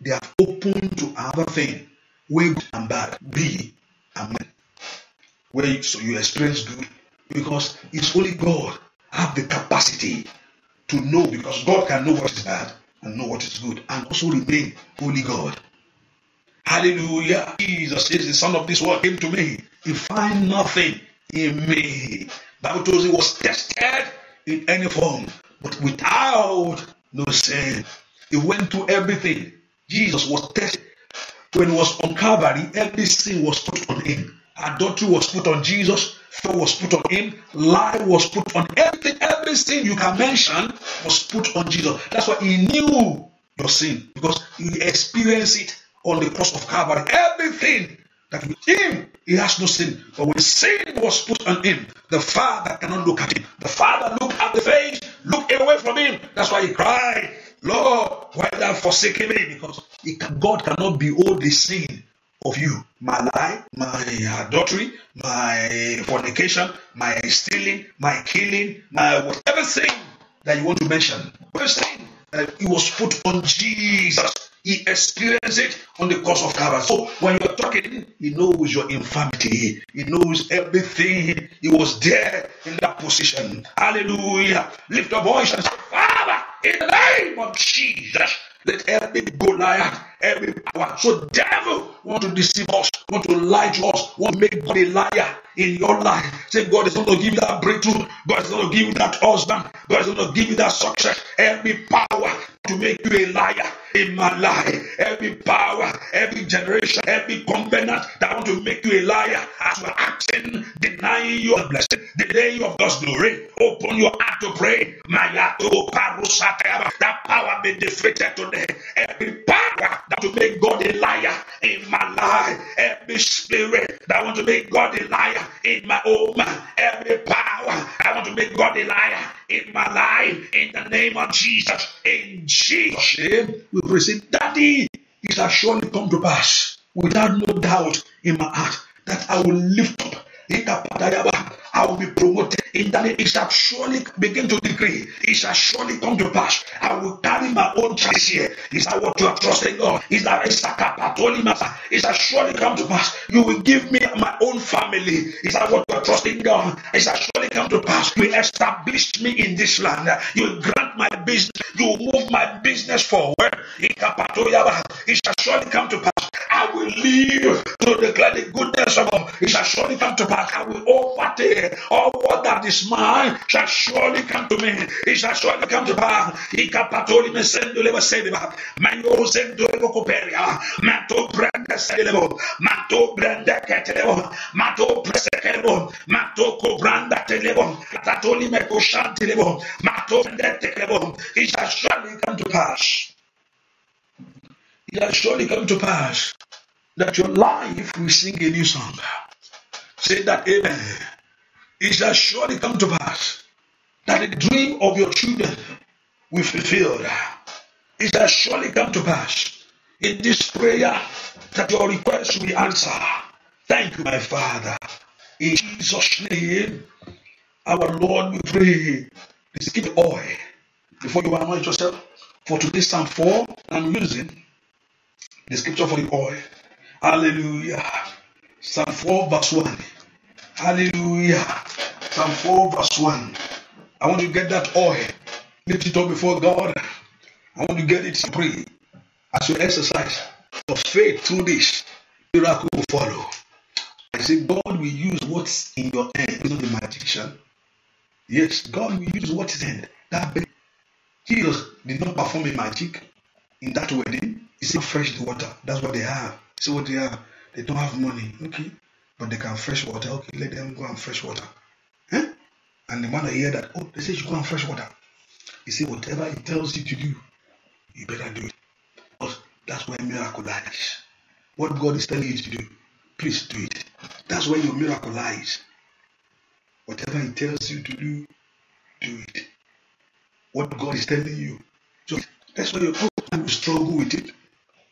they have opened to another thing where good and bad be Amen. man. Where you, so you experience good because it's only God have the capacity to know because God can know what is bad and know what is good and also remain only God. Hallelujah. Jesus is the son of this world came to me. He find nothing in me. Bible tells he was tested in any form, but without no sin. He went through everything. Jesus was tested. When he was on Calvary, every sin was put on him. Adultery was put on Jesus. Fear was put on him. Lie was put on everything. Every sin you can mention was put on Jesus. That's why he knew your sin because he experienced it on the cross of Calvary. Everything that with him, he has no sin. but when sin was put on him, the Father cannot look at him. The Father looked at the face, looked away from him. That's why he cried, Lord, why thou forsaken me? Because God cannot behold the sin of you. My lie, my adultery, my fornication, my stealing, my killing, my whatever sin that you want to mention. Whatever sin that it was put on Jesus. He experienced it on the cross of Calvary. So when you're talking, He knows your infirmity. He knows everything. He was there in that position. Hallelujah. Lift your voice and say, Father, in the name of Jesus, let every Goliath every power. So devil want to deceive us, want to lie to us, want to make God a liar in your life. Say God is going to give you that breakthrough. God is going to give you that husband. God is going to give you that success. Every power to make you a liar in my life. Every power, every generation, every covenant that want to make you a liar as we're acting, denying your blessing, denying of God's glory. Open your heart to pray. That power be defeated today. Every power that to make God a liar in my life, every spirit that want to make God a liar in my home, every power I want to make God a liar in my life, in the name of Jesus, in Jesus' name, we pray, say, Daddy, it shall surely come to pass without no doubt in my heart that I will lift up I will be promoted in that it shall surely begin to decree. It shall surely come to pass. I will carry my own choice here. Is that what you are trusting God? Is that it shall surely come to pass? You will give me my own family. Is that what you are trusting God? It shall surely come to pass. You establish me in this land. You grant my business. You move my business forward. It shall surely come to pass will live to declare the goodness of God. It shall surely come to pass. I will overtake all what that is mine shall surely come to me. It shall surely come to pass. Ikapatoli mesendo leva sedeba. Mango sendo levo coperia. Mato branda sedebo. Mato branda ketelebo. Mato presekelebo. Mato cobranda telebo. Tatoli me coshantelebo. Mato branda telebo. It shall surely come to pass. It shall surely come to pass. that your life will sing a new song. Say that, Amen. It shall surely come to pass that the dream of your children will be fulfilled. It shall surely come to pass in this prayer that your request will be answered. Thank you, my Father. In Jesus' name, our Lord, we pray. Please give oil before you anoint yourself for today's Psalm 4. I'm using the scripture for the oil. Hallelujah. Psalm 4, verse 1. Hallelujah. Psalm 4, verse 1. I want to get that oil. Lift it up before God. I want to get it and pray. As you exercise of faith through this, miracle will follow. I say, God will use what's in your hand, you know, the magician. Yes, God will use what's in hand. That baby, Jesus did not perform a magic in that wedding. He said, fresh water. That's what they have. See what they are. They don't have money. Okay. But they can fresh water. Okay, let them go and fresh water. Eh? And the man I hear that, oh, they say you go and fresh water. You see, whatever he tells you to do, you better do it. Because that's where miracle lies. What God is telling you to do, please do it. That's where your miracle lies. Whatever he tells you to do, do it. What God is telling you, so that's why you struggle with it.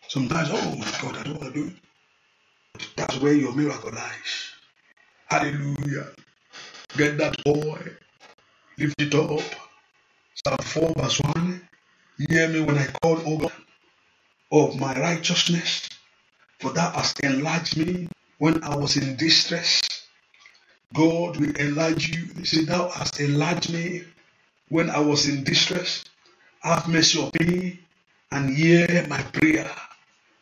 Sometimes, oh my God, I don't want to do it. But that's where your miracle lies. Hallelujah. Get that boy. Lift it up. Psalm 4 verse 1. Hear me when I call, O oh God, of my righteousness, for thou hast enlarged me when I was in distress. God will enlarge you. He said, Thou hast enlarged me when I was in distress. Have mercy on me and hear my prayer.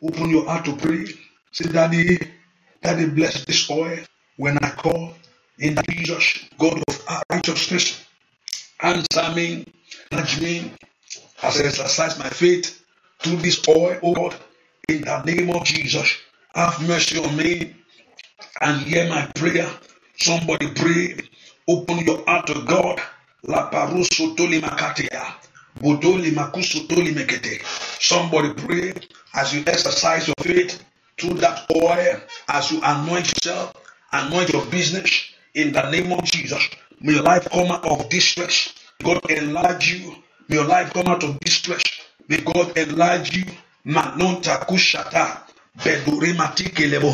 Open your heart to pray. Say, Daddy, Daddy, bless this oil when I call in Jesus, God of righteousness. Answer me, judge me as I exercise my faith through this oil, O oh God, in the name of Jesus. Have mercy on me and hear my prayer. Somebody pray. Open your heart to God. La paruso tolimacatia. Somebody pray as you exercise your faith through that oil, as you anoint yourself, anoint your business in the name of Jesus. May your life come out of distress. God enlarge you. May your life come out of distress. May God enlarge you. Manon takushata. Bedurimatikeleon.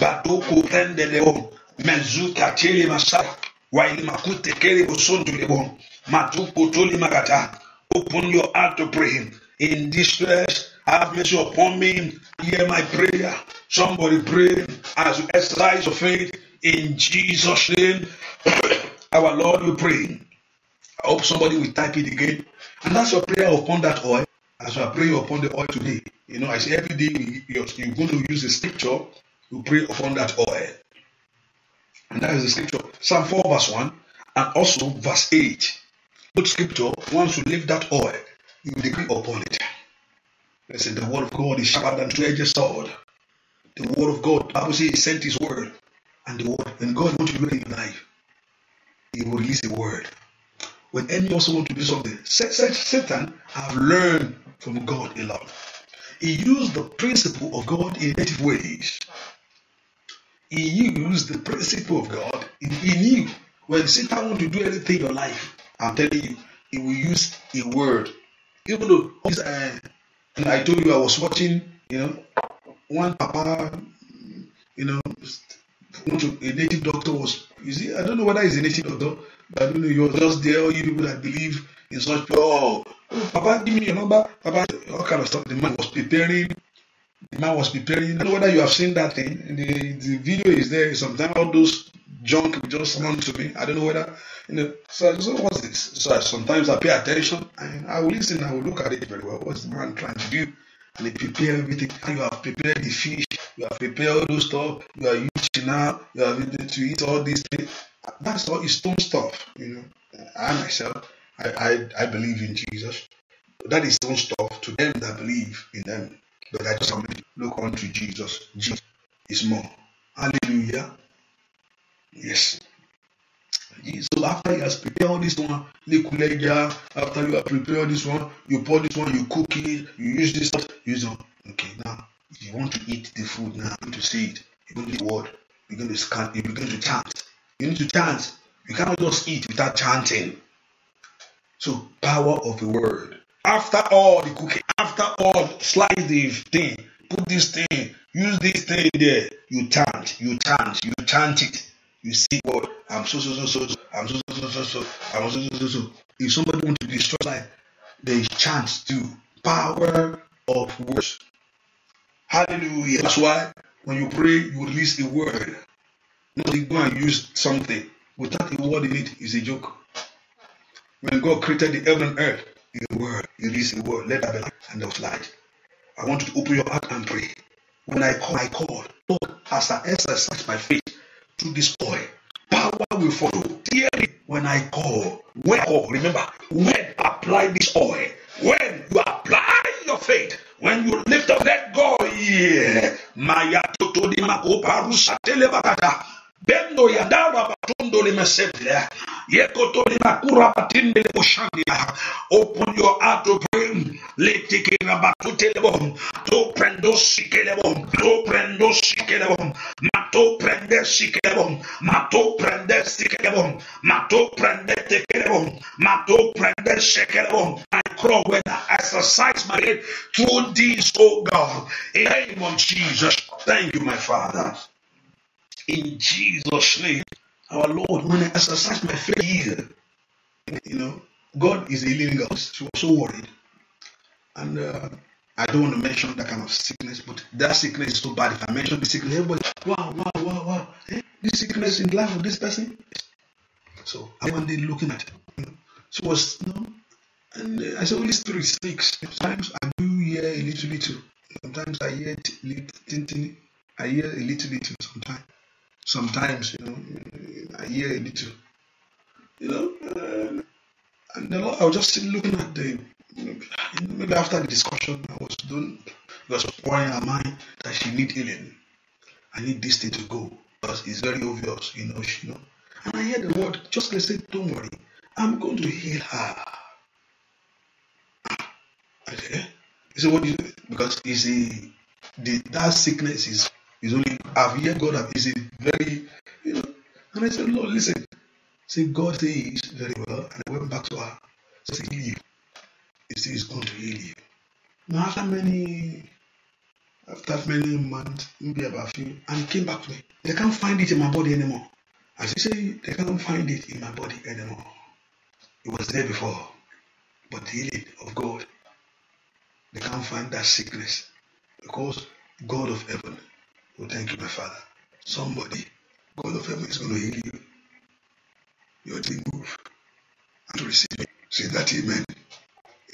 Badoko rendeleon. Menzuka tele masai. Waili makute kele bosondulebon. Matuko tole magata. Open your heart to pray Him. In distress, have mercy upon me. Hear my prayer. Somebody pray as you exercise your faith in Jesus' name. Our Lord, we pray. I hope somebody will type it again. And that's your prayer upon that oil. As I pray upon the oil today, you know, I say every day you're, you're going to use the scripture to pray upon that oil. And that is the scripture. Psalm 4, verse 1, and also verse 8. Good scripture, once you leave that oil, you will decree upon it. Listen, the word of God is sharper than two-edged sword. The word of God, Bible says he sent his word. And the word, when God wants to do in your life, he will release the word. When any also want to do something, Satan have learned from God a lot. He used the principle of God in native ways. He used the principle of God. He knew when Satan want to do anything in your life, I'm telling you, he will use a word. Even though, uh, and I told you I was watching, you know, one papa, you know, a native doctor was, you see, I don't know whether he's a native doctor, I don't know, you're just there, all you people that believe in such, oh, oh, Papa, give me your number, Papa, all kind of stuff. The man was preparing, the man was preparing. I don't know whether you have seen that thing, the, the video is there, sometimes all those junk just run to me. I don't know whether, you know, so, so what's this? So I, sometimes I pay attention and I will listen, I will look at it very well. What's the man trying to do? And he prepare everything. You have prepared the fish, you have prepared all those stuff, you are eating now, you have to eat all these things. That's all it's stone stuff, you know. I myself, I, I, I believe in Jesus. That is stone stuff to them that believe in them. But I just look unto Jesus. Jesus is more. Hallelujah. Yes. So after you have prepared all this one, lekuleja, after you have prepared this one, you pour this one, you cook it, you use this, use it. Okay, now if you want to eat the food now, you need to see it. You need the word. You begin to scan, you begin to chant. You need to chant. You cannot just eat without chanting. So power of the word. After all the cooking, after all, slice the thing, put this thing, use this thing there. You chant, you chant, you chant it. You see what I'm so so so so I'm so so so so I'm so so so so. If somebody wants to destroy life, they chant to power of words. Hallelujah. That's why when you pray, you release a word. Not you go and use something. Without a word in it is a joke. When God created the heaven and earth, a word, you release a word, let that be light, and there was light. I want you to open your heart and pray. When I call, I call. Lord, as I exercise my faith, to this destroy. Power will follow. Theory, when I call, when I call, remember, when apply this oil, when you apply your faith, when you lift up let go. yeah. Open your heart to pray. Let's To prendo sikelebon, to those to prendo sikelebon, mato prende sikelebon, mato prende sikelebon, mato prende tekelebon, mato prende sikelebon. I crawl when I exercise my head through these, oh God. In the name of Jesus, thank you, my Father. In Jesus' name. Our Lord, when I exercise my faith here, you know, God is a living God. She was so worried. And uh, I don't want to mention that kind of sickness, but that sickness is so bad. If I mention the sickness, everybody, wow, wow, wow, wow. Eh? This sickness in the life of this person. So I one day looking at it. You know, she was, you know, and uh, I said, Holy Spirit speaks. Sometimes I do hear a little bit too. Sometimes I hear, hear a little bit too sometimes. sometimes, you know, I hear a little, you know, uh, and then I was just sitting looking at the, maybe after the discussion, I was done, because why am I that she need healing. I need this thing to go because it's very obvious, you know, she know. And I hear the word, just like I said, don't worry, I'm going to heal her. Okay? You see what you Because you see, the, that sickness is He's only, I've heard God, i he's a very, you know, and I said, Lord, listen. Say, God says very well, and I went back to her. Says, heal you. He says, he's going to heal you. Now, after many, after many months, maybe about a few, and he came back to me. They can't find it in my body anymore. As you say, they can't find it in my body anymore. It was there before, but the healing of God, they can't find that sickness because God of heaven we thank you, my Father. Somebody, God of heaven, is going to heal you. You're to move and to receive it. Say that, Amen.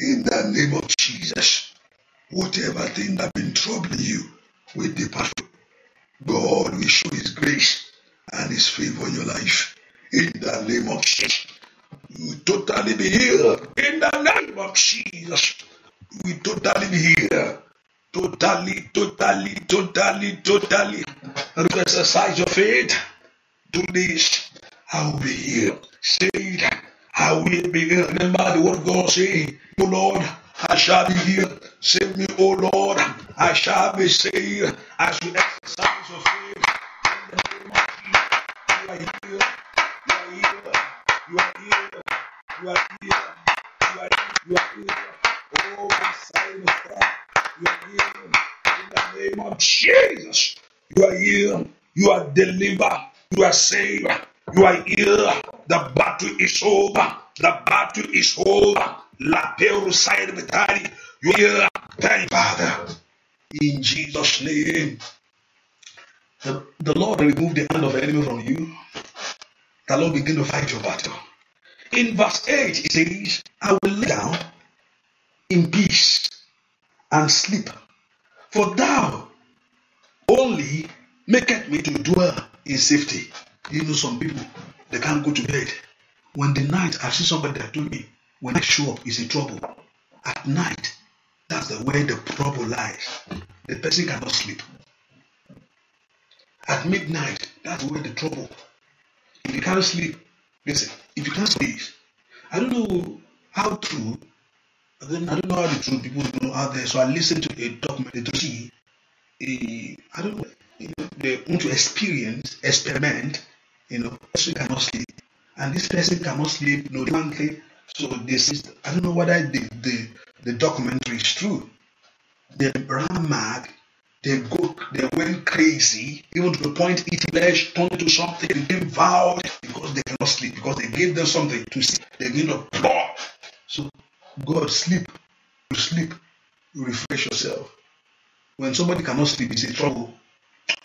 In the name of Jesus, whatever thing that been troubling you will depart. God will show His grace and His favor in your life. In the name of Jesus, you will totally be healed. In the name of Jesus, you will totally be healed. Totally, totally, totally, totally. Exercise your faith. Do this. I will be healed. Say it. I will be healed. Remember the word God saying, Oh Lord, I shall be healed. Save me, O oh Lord. I shall be saved. As you exercise your faith. You are healed. You are here. You are here. You are here. You are here. You are healed. Oh, my silent You are healed in the name of Jesus. You are healed. You are delivered. You are saved. You are healed. The battle is over. The battle is over. La perusai vitali. You hear, thank Father. In Jesus' name. The, the Lord remove the hand of the enemy from you. The Lord begin to fight your battle. In verse 8, it says, I will lay down in peace and sleep. For thou only maketh me to dwell in safety. You know, some people they can't go to bed. When the night I see somebody that told me, when I show up, it's in trouble. At night, that's the way the trouble lies. The person cannot sleep. At midnight, that's where the trouble. If you can't sleep, listen, if you can't sleep, I don't know how true I don't, I don't know how the truth people know out there. So I listen to a documentary. I I don't know. know, they want to experience, experiment. You know, person cannot sleep, and this person cannot sleep. No, they So this is. I don't know whether the the, the documentary is true. They ran mad. They go. They went crazy, even to the point it flesh turned to something. They became vowed because they cannot sleep because they gave them something to sleep. They did not. plot. So God, sleep. You sleep. You refresh yourself. When somebody cannot sleep, it's a trouble.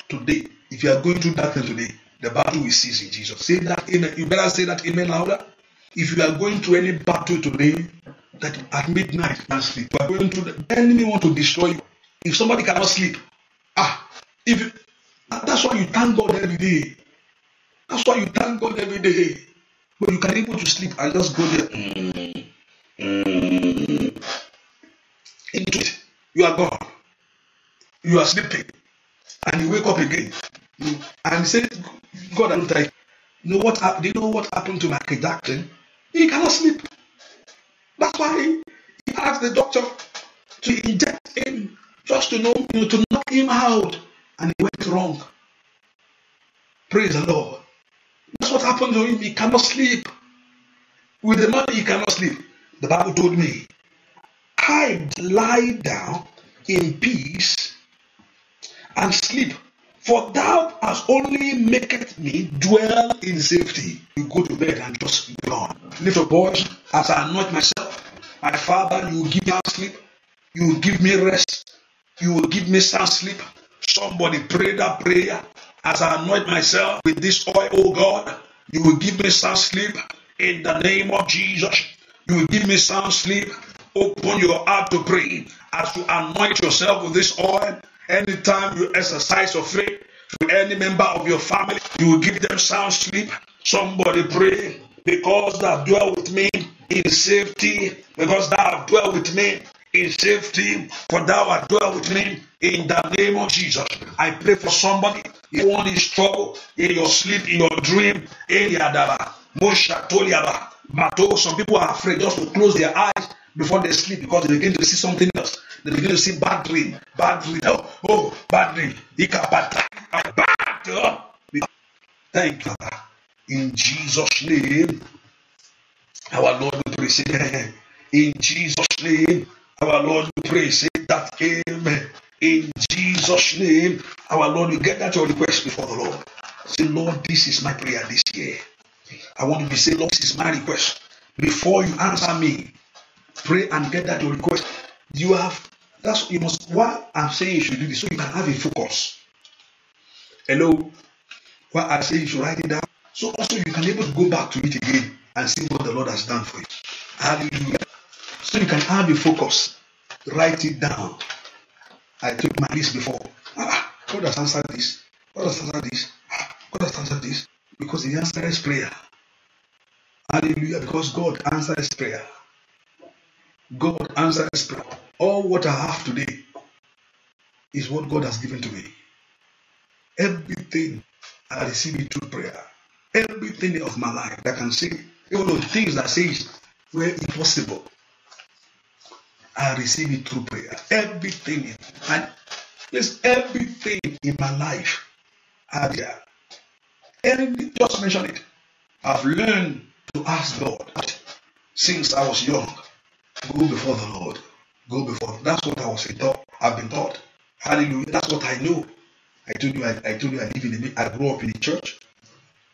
Today, if you are going through darkness today, the battle will cease in Jesus. Say that amen. You better say that amen louder. If you are going through any battle today, that at midnight and sleep, you are going through the, enemy want to destroy you. If somebody cannot sleep, ah, if ah, that's why you thank God every day. That's why you thank God every day. But you can able to sleep and just go there. Mm. into it. You are gone. You are sleeping. And you wake up again. You, and say, God, I don't like. You know what? Do you know what happened to Michael Jackson? He cannot sleep. That's why he asked the doctor to inject him just to know, you know, to knock him out, and it went wrong. Praise the Lord. That's what happened to him. He cannot sleep. With the money, he cannot sleep. The Bible told me Hide, lie down in peace and sleep, for thou hast only maketh me dwell in safety. You go to bed and just gone. Little boys, as I anoint myself, my father, you give me sleep, you give me rest, you will give me sound sleep. Somebody pray that prayer as I anoint myself with this oil, oh God. You will give me sound sleep in the name of Jesus. You will give me sound sleep Open your heart to pray as you anoint yourself with this oil. Anytime you exercise your faith to any member of your family, you will give them sound sleep. Somebody pray because that dwell with me in safety, because thou dwell with me in safety, for thou art dwell with me in the name of Jesus. I pray for somebody in want his trouble, in your sleep, in your dream, in Yadaba, Mosha Toliaba. some people are afraid just to close their eyes before they sleep because they begin to see something else. They begin to see bad dream, bad dream. Oh, oh bad dream. Thank you, Father. In Jesus' name, our Lord we praise. In Jesus' name, our Lord we praise. That amen. In Jesus' name, our Lord, you get that your request before the Lord. Say, Lord, this is my prayer this year. I want to be say, Lord, this is my request. Before you answer me, Pray and get that your request. You have that's you must why I'm saying you should do this so you can have a focus. Hello. Why I say you should write it down. So also you can be able to go back to it again and see what the Lord has done for you. Hallelujah. So you can have a focus. Write it down. I took my list before. Ah, ah God has answered this. God has answered this. Ah, God has answered this. Because he answered his prayer. Hallelujah. Because God answered his prayer. God answers prayer. All what I have today is what God has given to me. Everything I receive it through prayer. Everything of my life that can say, even the things that says were impossible, I receive it through prayer. Everything and this everything in my life are And just mention it. I've learned to ask God since I was young. Go before the Lord. Go before. That's what I was taught. I've been taught. Hallelujah. That's what I know. I told you. I, I told you. I live in. The, I grew up in the church.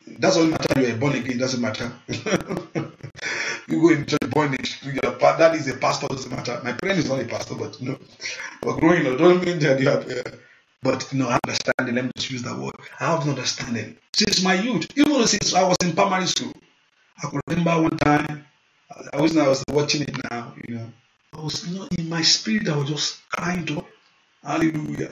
That's all matter. You are born again. Doesn't matter. you go in church, born again. Your that is a pastor. Doesn't matter. My friend is not a pastor, but no. But growing up do not mean that you have. Uh, but you know, understanding. Let me just use that word. I have understanding since my youth. Even since I was in primary school, I could remember one time I was I was watching it now, you know. I was not in my spirit, I was just crying to Hallelujah.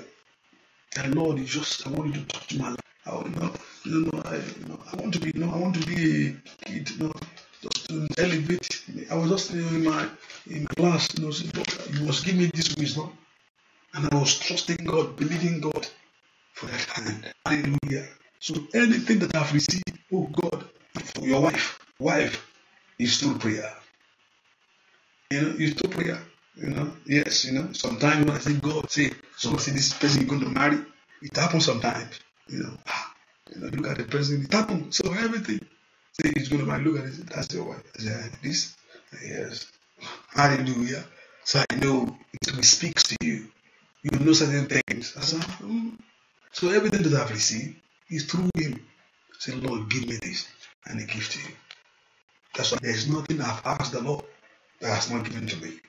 The Lord is just I want you to touch my life. I want, no, no, no, I, no, I want to be no, I want to be a kid, no, just to elevate. me. I was just you know, in my in class, you know, saying, you must give me this wisdom. And I was trusting God, believing God for that hand. Hallelujah. So anything that I've received, oh God, for your wife, wife, is through prayer. Ah. You know, it's through prayer. Ah. You know, yes, you know, sometimes when I say God, say, so say this person is going to marry, it happens sometimes. You know, ah, you know, look at the person, it happens. So everything, say he's going to marry, look at this, that's the wife. I say, this, yes, hallelujah. So I know it speaks to you. You know certain things. I mm. So everything that I've received is through him. Say, Lord, give me this, and he gives to you. That's why there's nothing I've asked the Lord that has not given to me.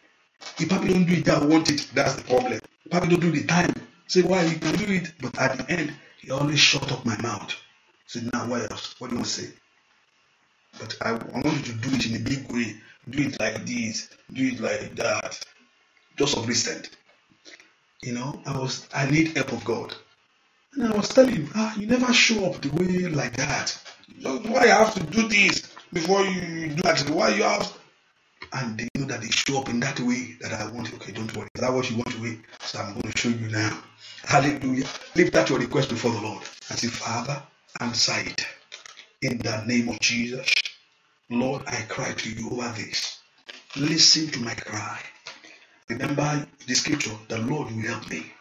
If probably don't do it, I want it. That's the problem. If don't do the time, say why you can do it, but at the end, he always shut up my mouth. Say now what else? What do you want to say? But I, I want you to do it in a big way. Do it like this. Do it like that. Just of recent, you know, I was I need help of God, and I was telling him, ah, you never show up the way like that. Why I have to do this? before you do that, why you have and they know that they show up in that way that I want. Okay, don't worry. That what you want to wait. So I'm going to show you now. Hallelujah. Leave that your request before the Lord and say, Father, answer it. In the name of Jesus, Lord, I cry to you over this. Listen to my cry. Remember the scripture, the Lord will help me.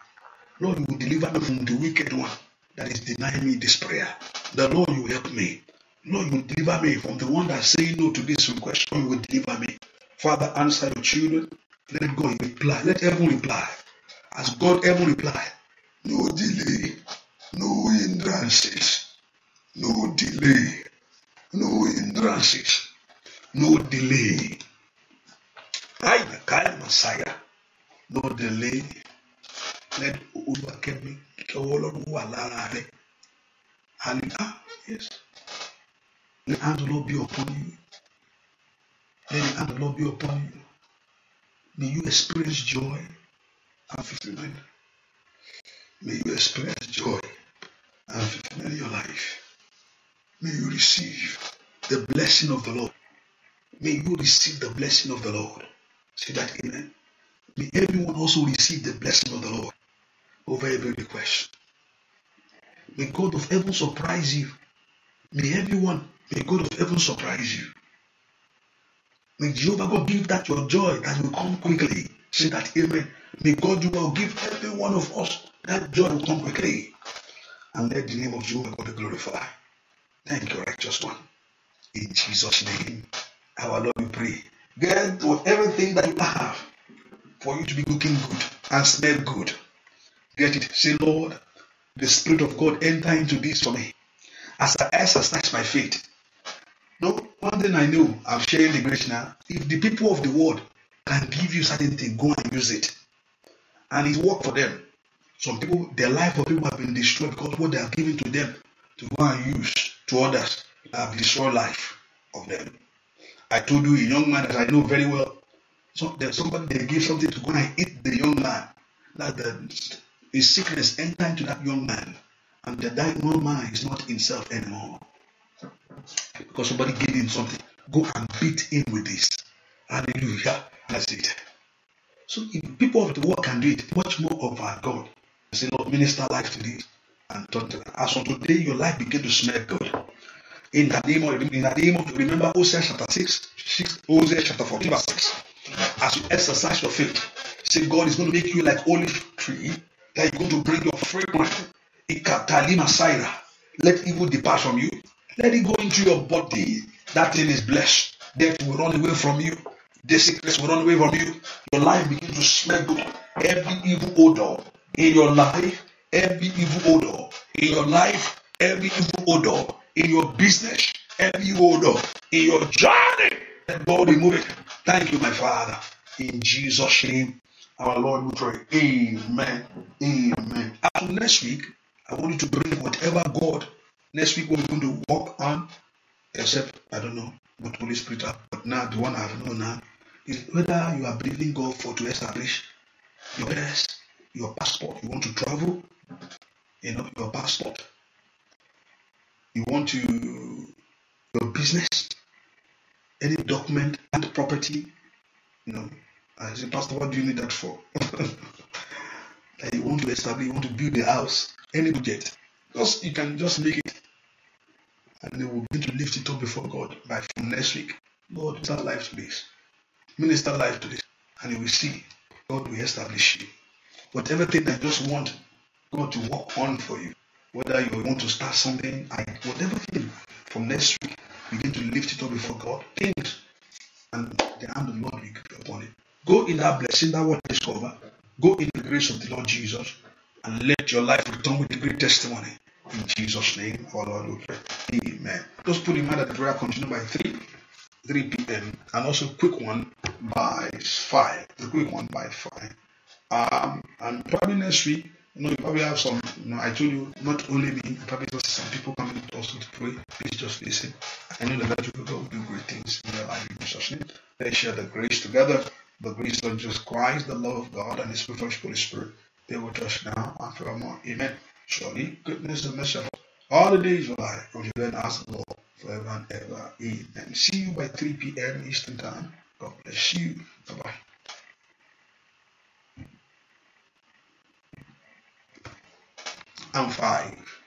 Lord, you will deliver me from the wicked one that is denying me this prayer. The Lord will help me. Lord, you deliver me from the one that say no to this request. Lord, you will deliver me. Father, answer your children. Let God reply. Let heaven reply. As God ever reply. No delay. No hindrances. No delay. No hindrances. No delay. I the kind Messiah. No delay. Let Olúwa kẹ́mi kí ọwọ́ Ọlọ́run wà lára rẹ̀. Hallelujah. Yes. Let the hand of the Lord be upon you. Let the hand of the Lord be upon you. May you experience joy and fulfillment. May you experience joy and fulfillment in your life. May you receive the blessing of the Lord. May you receive the blessing of the Lord. Say that, Amen. May everyone also receive the blessing of the Lord over every request. May God of heaven surprise you. May everyone May God of heaven surprise you. May Jehovah God give that your joy that will come quickly. Say that amen. May God you will give every one of us that joy will come quickly. And let the name of Jehovah God be glorified. Thank you, righteous one. In Jesus' name, our Lord, we pray. Get everything that you have for you to be looking good and smell good. Get it. Say, Lord, the Spirit of God enter into this for me. As I exercise my faith, no, one thing I know, I'm sharing the grace now. If the people of the world can give you certain thing, go and use it. And it worked for them. Some people, their life of people have been destroyed because what they are giving to them to go and use to others have destroyed life of them. I told you a young man that I know very well. So there's somebody they give something to go and eat the young man. That the his sickness entered into that young man, and the dying young man is not himself anymore because somebody gave him something. Go and beat him with this. Hallelujah. That's it. So if people of the world can do it, much more of our God. I say, Lord, minister life to this and talk to them. As from today, your life begin to smell good. In the name of in the name of remember Hosea chapter 6, 6 Hosea chapter 14, verse 6. As you exercise your faith, say God is going to make you like olive tree that you're going to bring your fragrance. Let evil depart from you. Let it go into your body. That thing is blessed. Death will run away from you. The sickness will run away from you. Your life begins to smell good. Every evil odor in your life, every evil odor in your life, every evil odor in your business, every evil odor in your journey. Let God remove it. Thank you, my Father. In Jesus' name, our Lord, we pray. Amen. Amen. After next week, I want you to bring whatever God Next week, we're going to work on, except, I don't know, what Holy Spirit have. But now, the one I've known now is whether you are believing God for to establish your parents, your passport. You want to travel, you know, your passport. You want to, your business, any document and property, you know. I say, Pastor, what do you need that for? that you want to establish, you want to build the house, any budget. Just you can just make it and they will begin to lift it up before God by from next week. Lord, minister life to this. Minister life to this. And you will see God will establish you. Whatever thing I just want God to work on for you, whether you want to start something, whatever thing from next week, begin to lift it up before God. Things and the hand of the Lord will be upon it. Go in that blessing, that word discover. Go in the grace of the Lord Jesus and let your life return with a great testimony. In Jesus' name, for Lord we pray. Amen. Just put in mind that the prayer continue by 3, 3 p.m. and also quick one by 5. The quick one by 5. Um, and probably next week, you know, you probably have some, you know, I told you, not only me, probably just some people coming us to pray. Please just listen. I know that people God will do great things in your life in Jesus' name. Let's share the grace together. The grace of Jesus Christ, the love of God, and the spiritual Holy Spirit. They will touch now and forevermore. Amen. Surely goodness and mercy all the days of life from you then ask the Lord forever and ever. Amen. See you by 3 p.m. Eastern Time. God bless you. Bye bye. And five.